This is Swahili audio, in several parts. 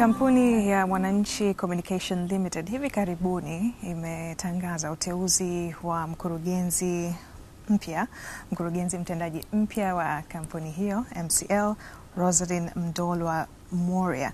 Kampuni ya Mwananchi Communication Limited hivi karibuni imetangaza uteuzi wa mkurugenzi mpya, mkurugenzi mtendaji mpya wa kampuni hiyo MCL, Roselyn Mndolwa moria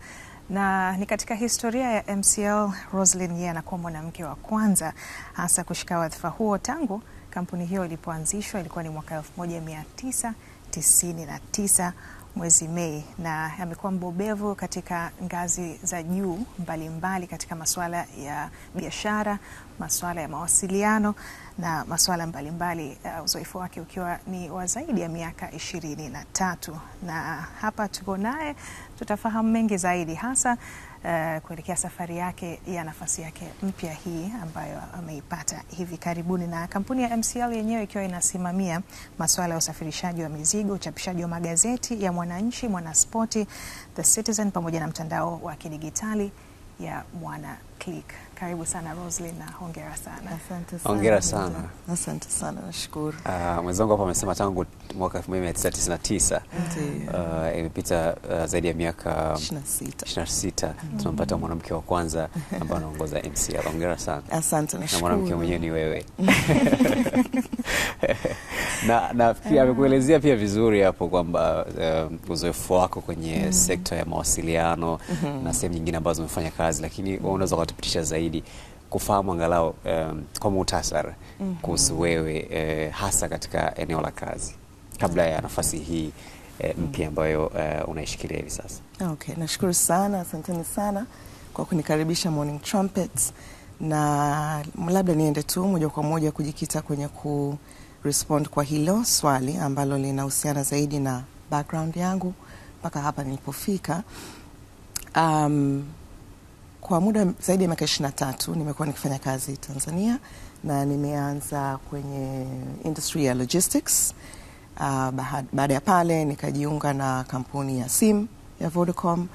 na ni katika historia ya MCL Roselyn yeye anakuwa mwanamke wa kwanza hasa kushika wadhifa huo tangu kampuni hiyo ilipoanzishwa ilikuwa ni mwaka 1999 mwezi Mei na amekuwa mbobevu katika ngazi za juu mbalimbali katika masuala ya biashara, masuala ya mawasiliano na masuala mbalimbali uh, uzoefu wake ukiwa ni wa zaidi ya miaka ishirini na tatu na hapa tuko naye, tutafahamu mengi zaidi hasa Uh, kuelekea safari yake ya nafasi yake mpya hii ambayo ameipata hivi karibuni na kampuni ya MCL yenyewe ikiwa inasimamia masuala ya usafirishaji wa mizigo, uchapishaji wa magazeti ya Mwananchi, Mwanaspoti, The Citizen pamoja na mtandao wa kidigitali ya Mwana Click. Karibu sana Rosli na hongera sana. Asante sana. Hongera sana. Asante sana nashukuru. Uh, mwenzangu hapa amesema tangu mwaka 1999 uh, eh, imepita uh, zaidi ya miaka 26, 26. Mm. Tunampata mwanamke wa kwanza ambaye anaongoza MCL. Hongera sana. Asante nashukuru. Na mwanamke mwenyewe ni wewe. na nafikiri amekuelezea pia vizuri hapo kwamba uh, uzoefu wako kwenye mm. sekta ya mawasiliano mm -hmm. na sehemu nyingine ambazo umefanya kazi, lakini unaweza ukatupitisha zaidi kufahamu angalau um, kwa muhtasari mm -hmm. kuhusu wewe uh, hasa katika eneo la kazi kabla ya nafasi hii uh, mpya ambayo uh, unaishikilia hivi sasa. Okay, nashukuru sana, asanteni sana kwa kunikaribisha Morning Trumpets, na labda niende tu moja kwa moja kujikita kwenye ku respond kwa hilo swali ambalo linahusiana zaidi na background yangu mpaka hapa nilipofika. Um, kwa muda zaidi ya miaka ishirini na tatu nimekuwa nikifanya kazi Tanzania na nimeanza kwenye industry ya logistics. Uh, baada ya pale nikajiunga na kampuni ya simu ya Vodacom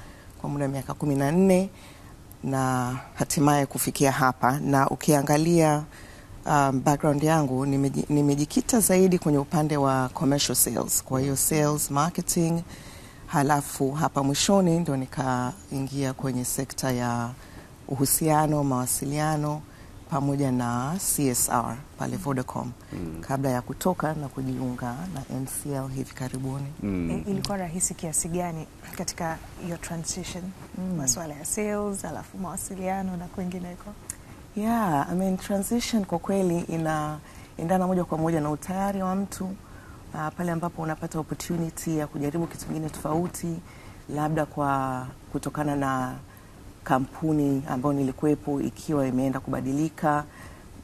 kwa muda wa miaka kumi na nne na hatimaye kufikia hapa, na ukiangalia um, background yangu nimejikita zaidi kwenye upande wa commercial sales, kwa hiyo sales marketing, halafu hapa mwishoni ndo nikaingia kwenye sekta ya uhusiano, mawasiliano pamoja na CSR pale Vodacom mm. kabla ya kutoka na kujiunga na NCL hivi karibuni mm. Ilikuwa rahisi kiasi gani katika your transition mm. masuala ya sales alafu mawasiliano na kwingineko? Yeah, I mean, transition kwa kweli inaendana moja kwa moja na utayari wa mtu uh, pale ambapo unapata opportunity ya kujaribu kitu kingine tofauti, labda kwa kutokana na kampuni ambayo nilikuwepo ikiwa imeenda kubadilika,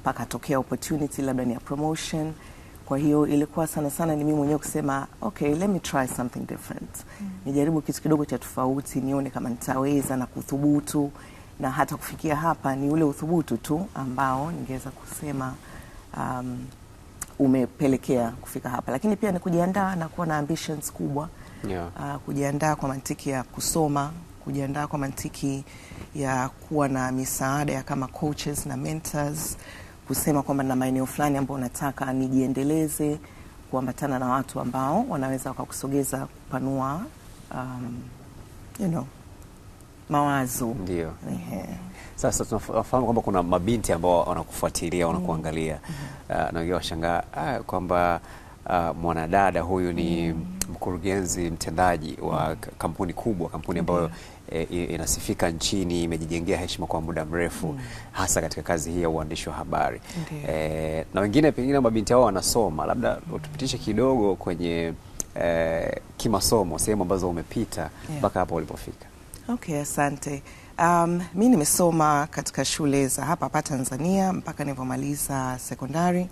pakatokea opportunity labda ni ya promotion. Kwa hiyo ilikuwa sana sana ni mimi mwenyewe kusema okay, let me try something different mm. Nijaribu kitu kidogo cha tofauti, nione kama nitaweza na kuthubutu na hata kufikia hapa ni ule uthubutu tu ambao ningeweza kusema um, umepelekea kufika hapa, lakini pia ni kujiandaa na kuwa na ambitions kubwa yeah. Uh, kujiandaa kwa mantiki ya kusoma, kujiandaa kwa mantiki ya kuwa na misaada ya kama coaches na mentors, kusema kwamba na maeneo fulani ambayo unataka nijiendeleze, kuambatana na watu ambao wanaweza wakakusogeza kupanua um, you know, mawazo ndio. Sasa tunafahamu kwamba kuna mabinti ambao wanakufuatilia wanakuangalia, mm -hmm. uh, na wengine washangaa uh, kwamba uh, mwanadada huyu ni mm -hmm. mkurugenzi mtendaji wa mm. kampuni kubwa, kampuni ambayo yeah. E, inasifika nchini, imejijengea heshima kwa muda mrefu mm. hasa katika kazi hii ya uandishi wa habari e, na wengine pengine mabinti hao wanasoma, labda utupitishe kidogo kwenye e, kimasomo, sehemu ambazo umepita mpaka yeah. hapo ulipofika. Okay, asante. Um, mi nimesoma katika shule za hapa hapa Tanzania mpaka nilipomaliza sekondari,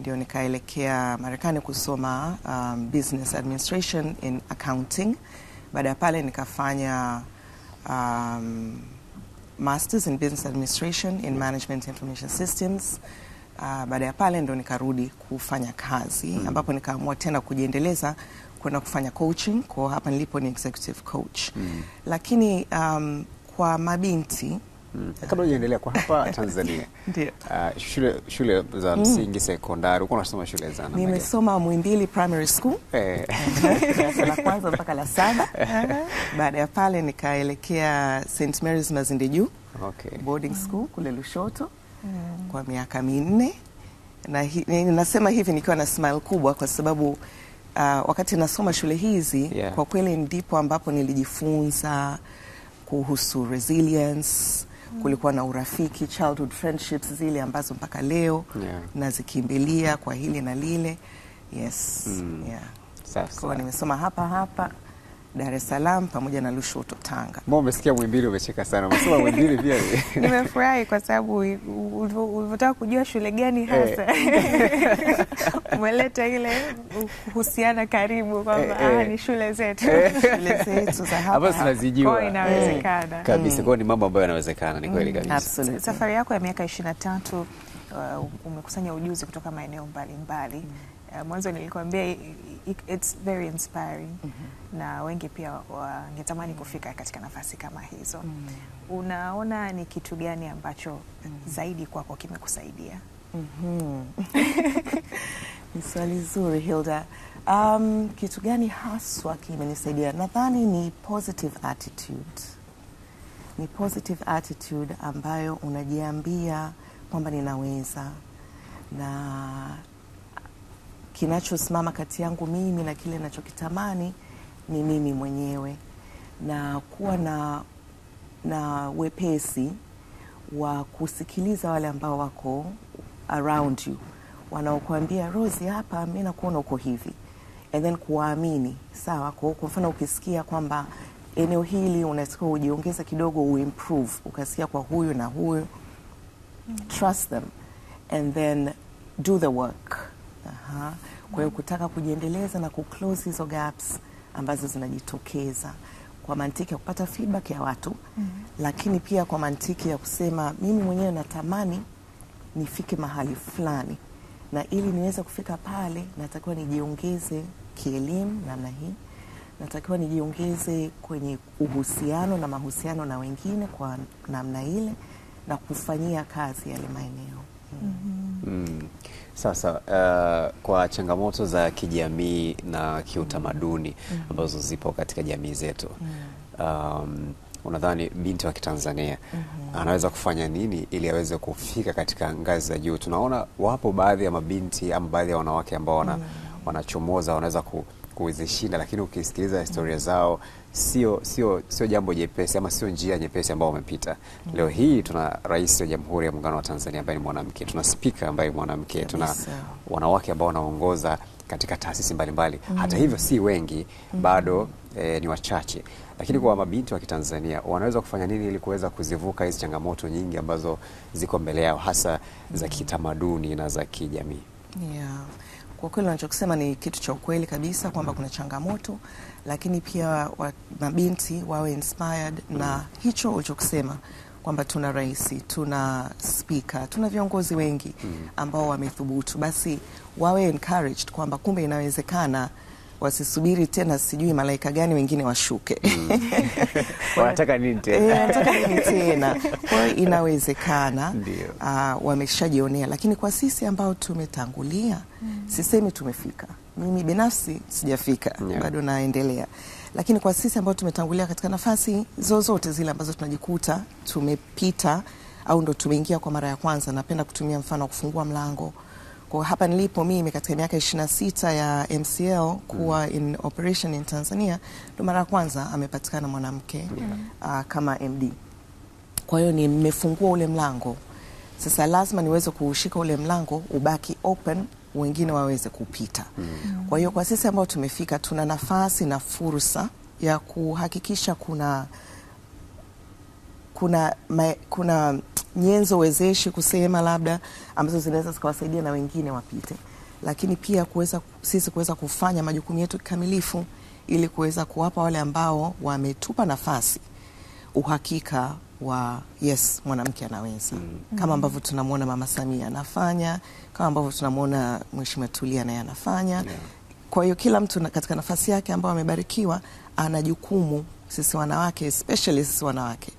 ndio nikaelekea Marekani kusoma um, business administration in accounting. Baada ya pale nikafanya um, masters in business administration in management information systems. Uh, baada ya pale ndo nikarudi kufanya kazi hmm. ambapo nikaamua tena kujiendeleza kwenda kufanya coaching kwa hapa nilipo ni executive coach mm. Lakini um, kwa mabinti mm. Kabla hujaendelea kwa hapa Tanzania uh, shule, shule za mm. msingi mm. sekondari, uko unasoma shule za namna Nimesoma Mwimbili Primary School eh. la kwanza mpaka la saba baada ya pale nikaelekea St Mary's Mazinde Juu okay. boarding school kule Lushoto mm. kwa miaka minne na hi, nasema hivi nikiwa na smile kubwa kwa sababu uh, wakati nasoma shule hizi yeah. Kwa kweli ndipo ambapo nilijifunza kuhusu resilience mm. Kulikuwa na urafiki childhood friendships zile ambazo mpaka leo yeah. Nazikimbilia kwa hili na lile yes mm. yeah. Kwa nimesoma hapa hapa Dar es Salaam pamoja na Lushoto Tanga. Mbona umesikia Mwimbili umecheka sana? Umesema Mwimbili pia. Nimefurahi kwa sababu ulivyotaka kujua shule gani eh. hasa umeleta ile uhusiana karibu kwamba eh, eh. ah, ni shule zetu. Shule zetu za hapa. Hapo tunazijua. Inawezekana. Kabisa. Kwa ni mambo ambayo yanawezekana ni kweli mm, kabisa. Absolutely. Safari yako ya miaka 23 uh, umekusanya ujuzi kutoka maeneo mbalimbali. Mm uh, mwanzo nilikwambia it's very inspiring mm -hmm. na wengi pia wangetamani mm -hmm. kufika katika nafasi kama hizo mm -hmm. unaona ni kitu gani ambacho mm -hmm. zaidi kwako kimekusaidia mm-hmm. ni swali zuri Hilda um, kitu gani haswa kimenisaidia nadhani ni positive attitude ni positive attitude ambayo unajiambia kwamba ninaweza na kinachosimama kati yangu mimi na kile nachokitamani ni mimi mwenyewe, na kuwa na, na wepesi wa kusikiliza wale ambao wako around you wanaokuambia rosi hapa mi nakuona uko hivi, and then kuwaamini. Sawa, kwa mfano ukisikia kwamba eneo hili unatakiwa ujiongeza kidogo, uimprove, ukasikia kwa huyu na huyu, trust them and then do the work Aha. Kwa hiyo kutaka kujiendeleza na kuclose hizo gaps ambazo zinajitokeza kwa mantiki ya kupata feedback ya watu mm -hmm. Lakini pia kwa mantiki ya kusema mimi mwenyewe natamani nifike mahali fulani, na ili niweze kufika pale natakiwa nijiongeze kielimu namna hii, natakiwa nijiongeze kwenye uhusiano na mahusiano na wengine kwa namna ile, na kufanyia kazi yale maeneo mhm. mm -hmm. mm. Sasa uh, kwa changamoto za kijamii na kiutamaduni mm ambazo zipo katika jamii zetu mm um, unadhani binti wa Kitanzania mm -hmm. anaweza kufanya nini ili aweze kufika katika ngazi za juu? Tunaona wapo baadhi ya mabinti ama baadhi ya wanawake ambao wana, mm wanachomoza wanaweza ku kuzishinda, lakini ukisikiliza historia mm. zao sio sio sio jambo jepesi ama sio njia nyepesi ambayo wamepita. Mm. Leo hii tuna rais wa Jamhuri ya Muungano wa Tanzania ambaye ni mwanamke, tuna spika ambaye ni mwanamke, tuna wanawake ambao wanaongoza katika taasisi mbalimbali mbali. Mm. Hata hivyo si wengi mm. bado mm. e, ni wachache, lakini kwa mabinti wa Kitanzania wanaweza kufanya nini ili kuweza kuzivuka hizi changamoto nyingi ambazo ziko mbele yao hasa za kitamaduni na za kijamii? yeah. Kwa kweli unachokisema ni kitu cha ukweli kabisa kwamba mm. kuna changamoto, lakini pia wa, mabinti wawe inspired mm. na hicho ulichokisema kwamba tuna rais, tuna spika, tuna viongozi wengi mm. ambao wamethubutu, basi wawe encouraged kwamba kumbe inawezekana wasisubiri tena sijui malaika gani wengine washuke. Mm. Wanataka nini tena? Eh, wanataka nini tena? Kwa hiyo inawezekana uh, wameshajionea, lakini kwa sisi ambao tumetangulia mm. sisemi tumefika, mimi binafsi sijafika yeah. bado naendelea, lakini kwa sisi ambao tumetangulia katika nafasi zozote zile ambazo tunajikuta tumepita au ndo tumeingia kwa mara ya kwanza, napenda kutumia mfano wa kufungua mlango kwa hapa nilipo mimi katika miaka 26 ya MCL kuwa mm. in operation in Tanzania ndo mara ya kwanza amepatikana mwanamke mm. uh, kama MD. Kwa hiyo nimefungua ule mlango sasa, lazima niweze kuushika ule mlango ubaki open wengine waweze kupita mm. Kwa hiyo kwa sisi ambao tumefika tuna nafasi na fursa ya kuhakikisha kuna kuna, ma, kuna nyenzo wezeshi kusema labda ambazo zinaweza zikawasaidia na wengine wapite, lakini pia kuweza sisi kuweza kufanya majukumu yetu kikamilifu ili kuweza kuwapa wale ambao wametupa nafasi uhakika wa yes, mwanamke anaweza mm. Kama mm-hmm. ambavyo tunamwona Mama Samia anafanya, kama ambavyo tunamwona Mheshimiwa Tulia naye anafanya yeah. Kwa hiyo kila mtu katika nafasi yake ambayo amebarikiwa ana jukumu, sisi wanawake especially sisi wanawake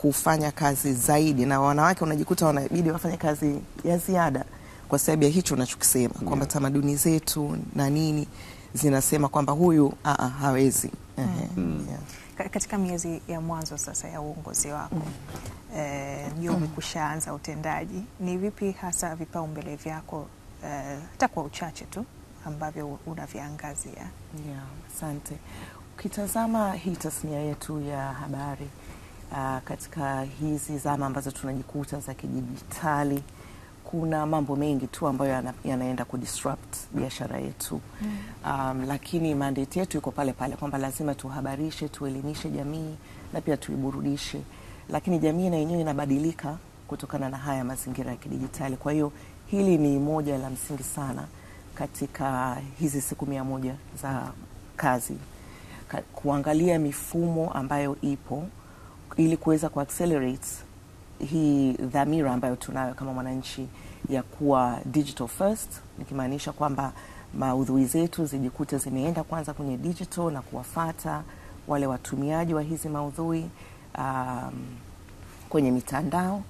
kufanya kazi zaidi, na wanawake unajikuta wanabidi wafanye kazi ya ziada kwa sababu ya hicho unachokisema yeah. kwamba tamaduni zetu na nini zinasema kwamba huyu a -a, hawezi mm. mm. yeah. Katika miezi ya mwanzo sasa ya uongozi wako mm. eh, Jombi utendaji, ni vipi hasa vipaumbele vyako eh, hata kwa uchache tu ambavyo unaviangazia? Asante yeah. Ukitazama hii tasnia yetu ya habari uh, katika hizi zama ambazo tunajikuta za kidijitali kuna mambo mengi tu ambayo yanaenda ku biashara yetu mm. Um, lakini mandate yetu iko pale pale kwamba lazima tuhabarishe, tuelimishe jamii na pia tuiburudishe, lakini jamii na yenyewe inabadilika kutokana na haya mazingira ya kidijitali. Kwa hiyo hili ni moja la msingi sana katika hizi siku mia moja za kazi, kuangalia mifumo ambayo ipo ili kuweza kuaccelerate hii dhamira ambayo tunayo kama mwananchi ya kuwa digital first, nikimaanisha kwamba maudhui zetu zijikute zimeenda kwanza kwenye digital na kuwafata wale watumiaji wa hizi maudhui um, kwenye mitandao,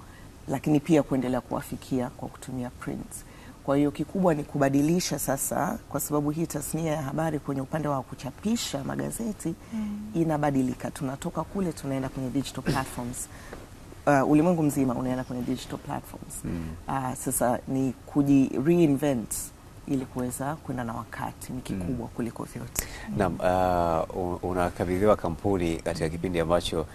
lakini pia kuendelea kuwafikia kwa kutumia print. Kwa hiyo kikubwa ni kubadilisha sasa, kwa sababu hii tasnia ya habari kwenye upande wa kuchapisha magazeti mm. inabadilika. Tunatoka kule tunaenda kwenye digital platforms uh, ulimwengu mzima unaenda kwenye digital platforms mm. Uh, sasa ni kuji reinvent ili kuweza kwenda na wakati ni kikubwa mm. kuliko vyote. Naam, uh, unakabidhiwa kampuni katika kipindi ambacho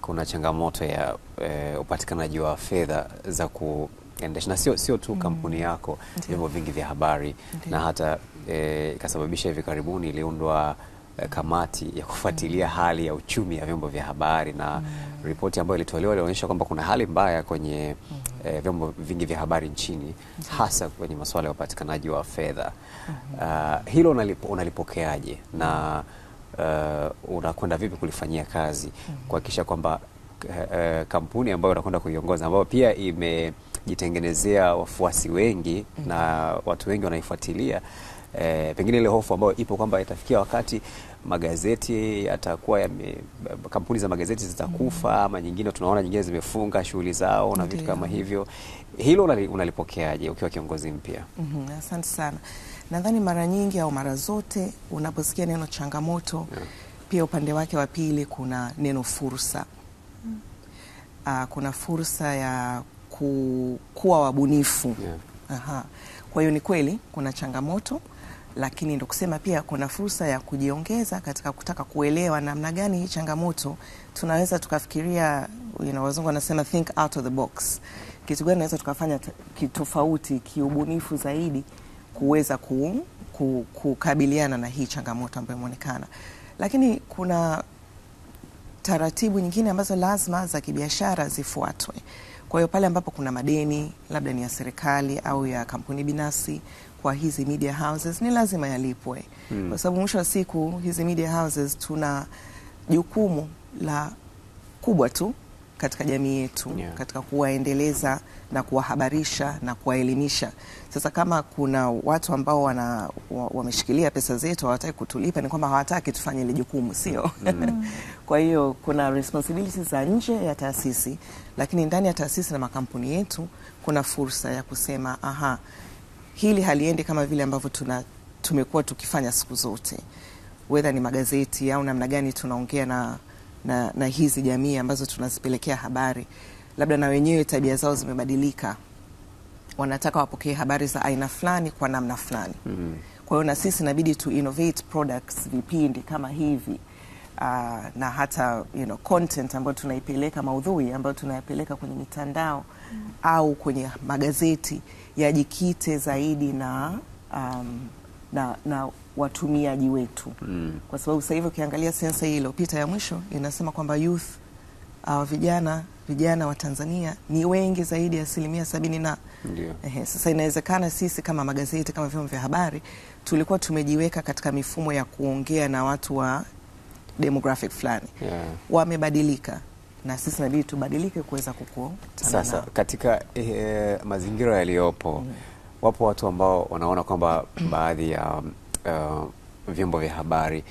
kuna changamoto ya uh, upatikanaji wa fedha za ku endesha na sio sio tu mm. kampuni yako, vyombo vingi vya habari na hata eh, ikasababisha hivi karibuni iliundwa eh, kamati ya kufuatilia mm. hali ya uchumi ya vyombo vya habari na mm. Ripoti ambayo ilitolewa ilionyesha kwamba kuna hali mbaya kwenye mm. eh, vyombo vingi vya habari nchini hasa kwenye masuala ya upatikanaji wa fedha mm -hmm. Uh, hilo unalipo, unalipokeaje na uh, unakwenda vipi kulifanyia kazi mm -hmm. kuhakikisha kwamba uh, kampuni ambayo unakwenda kuiongoza ambayo pia ime kujitengenezea wafuasi wengi mm na watu wengi wanaifuatilia e, pengine ile hofu ambayo ipo kwamba itafikia wakati magazeti yatakuwa yame, kampuni za magazeti zitakufa mm ama nyingine tunaona nyingine zimefunga shughuli zao na vitu kama hivyo, hilo unalipokeaje ukiwa kiongozi mpya? mm -hmm. Asante sana. Nadhani mara nyingi au mara zote unaposikia neno changamoto yeah. Pia upande wake wa pili kuna neno fursa. Mm. Aa, ah, kuna fursa ya ku, kuwa wabunifu yeah. Aha. Kwa hiyo ni kweli kuna changamoto, lakini ndo kusema pia kuna fursa ya kujiongeza katika kutaka kuelewa namna gani hii changamoto tunaweza tukafikiria, you know, wazungu wanasema think out of the box, kitu gani naweza tukafanya kitofauti kiubunifu zaidi kuweza ku, ku, kukabiliana na hii changamoto ambayo imeonekana, lakini kuna taratibu nyingine ambazo lazima za kibiashara zifuatwe. Kwa hiyo pale ambapo kuna madeni labda ni ya serikali au ya kampuni binafsi kwa hizi media houses ni lazima yalipwe hmm. kwa sababu mwisho wa siku hizi media houses tuna jukumu la kubwa tu katika jamii yetu yeah. Katika kuwaendeleza na kuwahabarisha na kuwaelimisha. Sasa kama kuna watu ambao wana, wameshikilia pesa zetu hawataki kutulipa, ni kwamba hawataki tufanye ile jukumu, sio? mm. Kwa hiyo kuna responsibilities za nje ya taasisi, lakini ndani ya taasisi na makampuni yetu kuna fursa ya kusema aha, hili haliendi kama vile ambavyo tuna tumekuwa tukifanya siku zote, wedha ni magazeti au namna gani tunaongea na na, na hizi jamii ambazo tunazipelekea habari, labda na wenyewe tabia zao zimebadilika, wanataka wapokee habari za aina fulani kwa namna fulani mm -hmm. Kwa hiyo na sisi inabidi tu innovate products, vipindi kama hivi uh, na hata you know, content ambayo tunaipeleka, maudhui ambayo tunayapeleka kwenye mitandao mm -hmm. au kwenye magazeti yajikite zaidi na, um, na, na watumiaji wetu mm. Kwa sababu sasa hivi ukiangalia sensa hii iliyopita ya mwisho inasema kwamba youth uh, vijana vijana wa Tanzania ni wengi zaidi ya asilimia sabini na yeah. Eh, sasa inawezekana sisi kama magazeti kama vyombo vya habari tulikuwa tumejiweka katika mifumo ya kuongea na watu wa demographic fulani yeah. Wamebadilika na sisi inabidi tubadilike kuweza kukua sasa katika eh, eh, mazingira yaliyopo mm. Wapo watu ambao wanaona kwamba baadhi ya um, uh, vyombo vya habari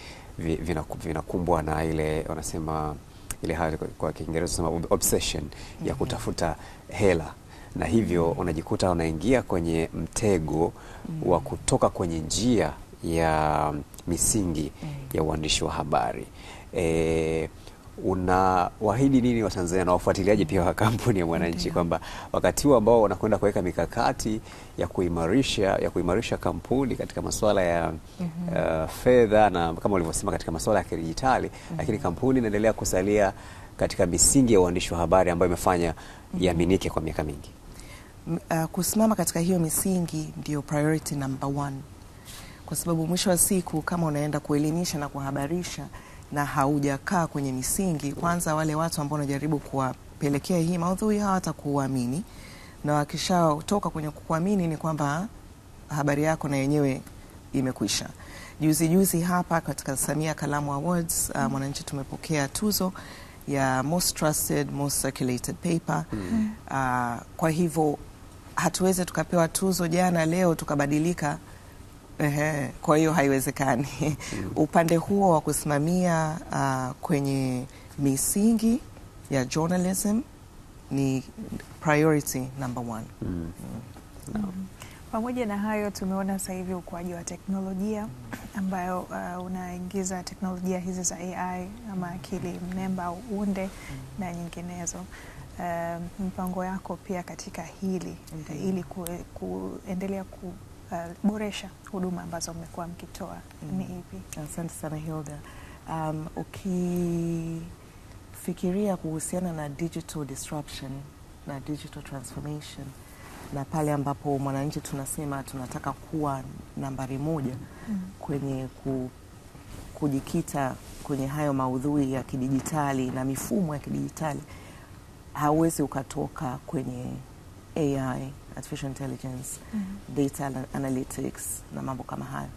vinakumbwa vina na ile wanasema ile hali kwa Kiingereza sema obsession mm -hmm. ya mm-hmm. kutafuta hela na hivyo mm-hmm. unajikuta unaingia kwenye mtego mm -hmm. wa kutoka kwenye njia ya misingi mm -hmm. ya uandishi wa habari e, unawahidi nini Watanzania na wafuatiliaji pia wa kampuni ya Mwananchi kwamba wakati huu ambao wanakwenda kuweka mikakati ya kuimarisha ya kuimarisha kampuni katika masuala ya mm -hmm. uh, fedha na kama ulivyosema katika masuala ya kidijitali mm -hmm. lakini kampuni inaendelea kusalia katika misingi ya uandishi wa habari ambayo imefanya mm -hmm. iaminike kwa miaka mingi. Uh, kusimama katika hiyo misingi ndio priority number one, kwa sababu mwisho wa siku kama unaenda kuelimisha na kuhabarisha na haujakaa kwenye misingi, kwanza wale watu ambao wanajaribu kuwapelekea hii maudhui hawatakuamini, na wakishatoka kwenye kukuamini ni kwamba habari yako na yenyewe imekwisha. Juzi juzi hapa katika Samia Kalamu Awards uh, mm-hmm. Mwananchi tumepokea tuzo ya most trusted, most circulated paper mm. Uh, kwa hivyo hatuwezi tukapewa tuzo jana leo tukabadilika Ehe, kwa hiyo haiwezekani. mm. Upande huo wa kusimamia uh, kwenye misingi ya journalism ni priority number one. Mm. mm. Mm. Mm. Pamoja na hayo tumeona sasa hivi ukuaji wa teknolojia ambayo uh, unaingiza teknolojia hizi za AI ama akili mnemba au unde na nyinginezo. Uh, mpango yako pia katika hili mm -hmm. ili ku, kuendelea ku kuboresha uh, huduma ambazo mmekuwa mkitoa mm. ni ipi? Asante sana Hilda. Um, ukifikiria kuhusiana na digital disruption na digital transformation na pale ambapo mwananchi tunasema tunataka kuwa nambari moja mm. kwenye ku, kujikita kwenye hayo maudhui ya kidijitali na mifumo ya kidijitali, hauwezi ukatoka kwenye AI artificial intelligence mm -hmm. data analytics na mambo kama hayo.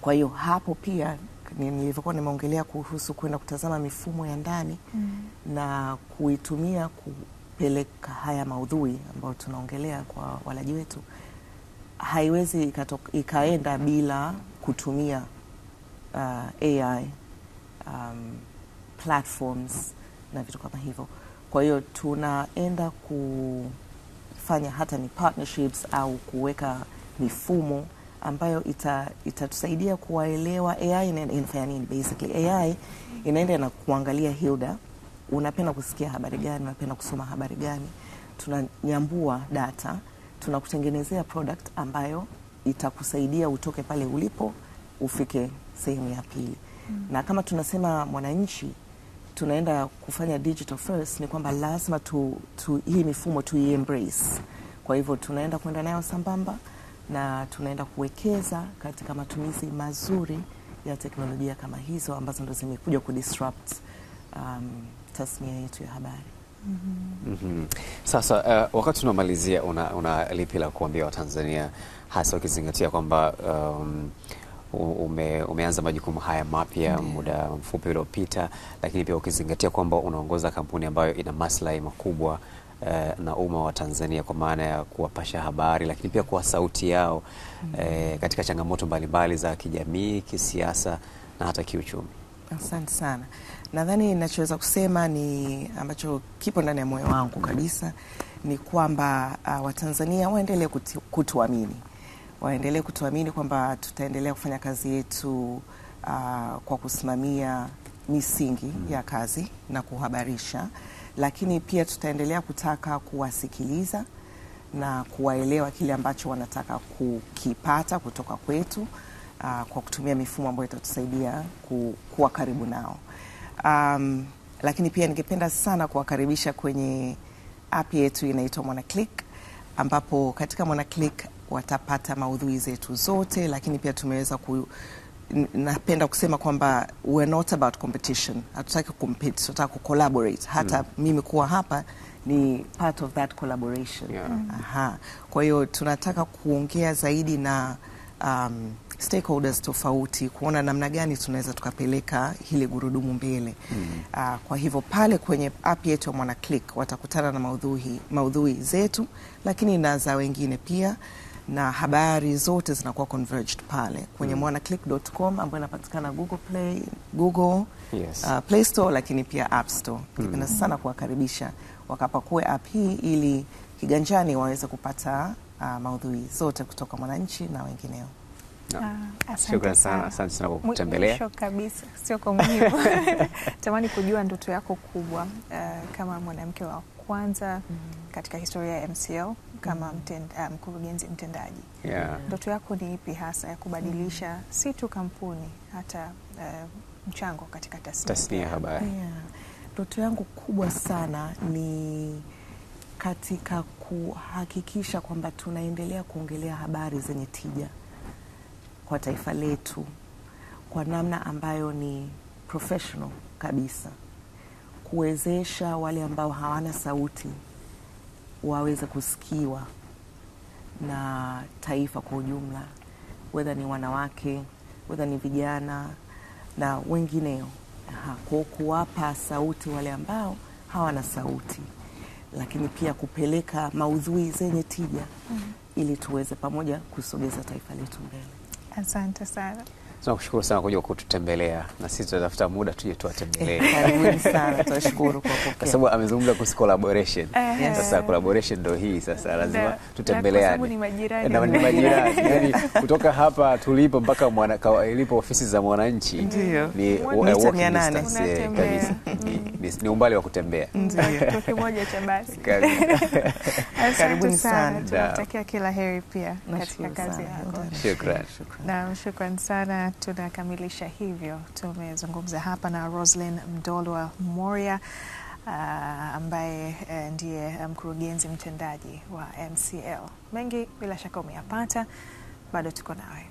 Kwa hiyo hapo pia nilivyokuwa nimeongelea kuhusu kwenda kutazama mifumo ya ndani mm -hmm. na kuitumia kupeleka haya maudhui ambayo tunaongelea kwa walaji wetu, haiwezi ikaenda bila kutumia uh, AI um, platforms na vitu kama hivyo. Kwa hiyo tunaenda ku kufanya hata ni partnerships au kuweka mifumo ambayo itatusaidia ita kuwaelewa AI inafanya nini. Basically AI inaenda na kuangalia Hilda, unapenda kusikia habari gani, unapenda kusoma habari gani, tunanyambua data, tunakutengenezea product ambayo itakusaidia utoke pale ulipo ufike sehemu ya pili. Mm. Na kama tunasema mwananchi tunaenda kufanya digital first, ni kwamba lazima tu, tu, hii mifumo tu embrace. Kwa hivyo tunaenda kwenda nayo sambamba na tunaenda kuwekeza katika matumizi mazuri ya teknolojia kama hizo ambazo ndo zimekuja kudisrupt um, tasnia yetu ya habari. Mm -hmm. Mm -hmm. Sasa uh, wakati tunamalizia una, una lipi la kuambia Watanzania hasa ukizingatia kwamba um, ume, umeanza majukumu haya mapya mm. muda mfupi uliopita, lakini pia ukizingatia kwamba unaongoza kampuni ambayo ina maslahi makubwa eh, na umma wa Tanzania kwa maana ya kuwapasha habari, lakini pia kuwa sauti yao mm. eh, katika changamoto mbalimbali za kijamii, kisiasa na hata kiuchumi. Asante sana. Nadhani ninachoweza kusema ni ambacho kipo ndani ya moyo wangu kabisa ni kwamba uh, Watanzania waendelee kutuamini waendelee kutuamini kwamba tutaendelea kufanya kazi yetu uh, kwa kusimamia misingi mm. ya kazi na kuhabarisha, lakini pia tutaendelea kutaka kuwasikiliza na kuwaelewa kile ambacho wanataka kukipata kutoka kwetu uh, kwa kutumia mifumo ambayo itatusaidia ku, kuwa karibu nao um, lakini pia ningependa sana kuwakaribisha kwenye app yetu inaitwa MwanaClick ambapo katika MwanaClick watapata maudhui zetu zote, lakini pia tumeweza ku napenda kusema kwamba we're not about competition. Hatutaki kucompete, tunataka kucollaborate. Hata mm. mimi kuwa hapa ni part of that collaboration yeah. Hmm. Aha. Kwa hiyo tunataka kuongea zaidi na um, stakeholders tofauti kuona namna gani tunaweza tukapeleka hili gurudumu mbele mm. Uh, kwa hivyo pale kwenye app yetu ya MwanaClick watakutana na maudhui, maudhui zetu lakini na za wengine pia na habari zote zinakuwa converged pale kwenye mm. mwanaclick.com ambayo inapatikana Google Play, Google yes. uh, Play Store lakini pia App Store. Mm. Ningependa mm. sana kuwakaribisha wakapakue app hii ili kiganjani waweze kupata uh, maudhui zote kutoka Mwananchi na wengineo. No. Ah, sana, asante sana kwa kutembelea. Mwisho kabisa, sio kwa muhimu tamani kujua ndoto yako kubwa uh, kama mwanamke wa kwanza mm. katika historia ya MCL kama mtenda, um, mkurugenzi mtendaji yeah. Ndoto yako ni ipi hasa ya kubadilisha mm. si tu kampuni hata uh, mchango katika tasnia ya habari? Ndoto yeah. yangu kubwa sana ni katika kuhakikisha kwamba tunaendelea kuongelea habari zenye tija kwa taifa letu kwa namna ambayo ni professional kabisa, kuwezesha wale ambao hawana sauti waweze kusikiwa na taifa kwa ujumla, wedha ni wanawake, wedha ni vijana na wengineo, kwa kuwapa sauti wale ambao hawana sauti, lakini pia kupeleka maudhui zenye tija mm -hmm. ili tuweze pamoja kusogeza taifa letu mbele. Asante sana. Tunakushukuru sana kuja kututembelea, na sisi tunatafuta muda tuje tuwatembelee, eh, kwa sababu amezungumza kuhusu collaboration. Eh, eh. Sasa collaboration ndio hii sasa, lazima tutembeleane, ni majirani kutoka hapa tulipo mpaka ilipo ofisi za Mwananchi mm. ni ni umbali wa kutembea. Karibuni sana, tunatakia kila heri pia katika kazi yako. Shukrani sana tunakamilisha hivyo. Tumezungumza hapa na Roslyn Mdolwa Moria uh, ambaye uh, ndiye mkurugenzi um, mtendaji wa MCL. Mengi bila shaka umeyapata, bado tuko nawe.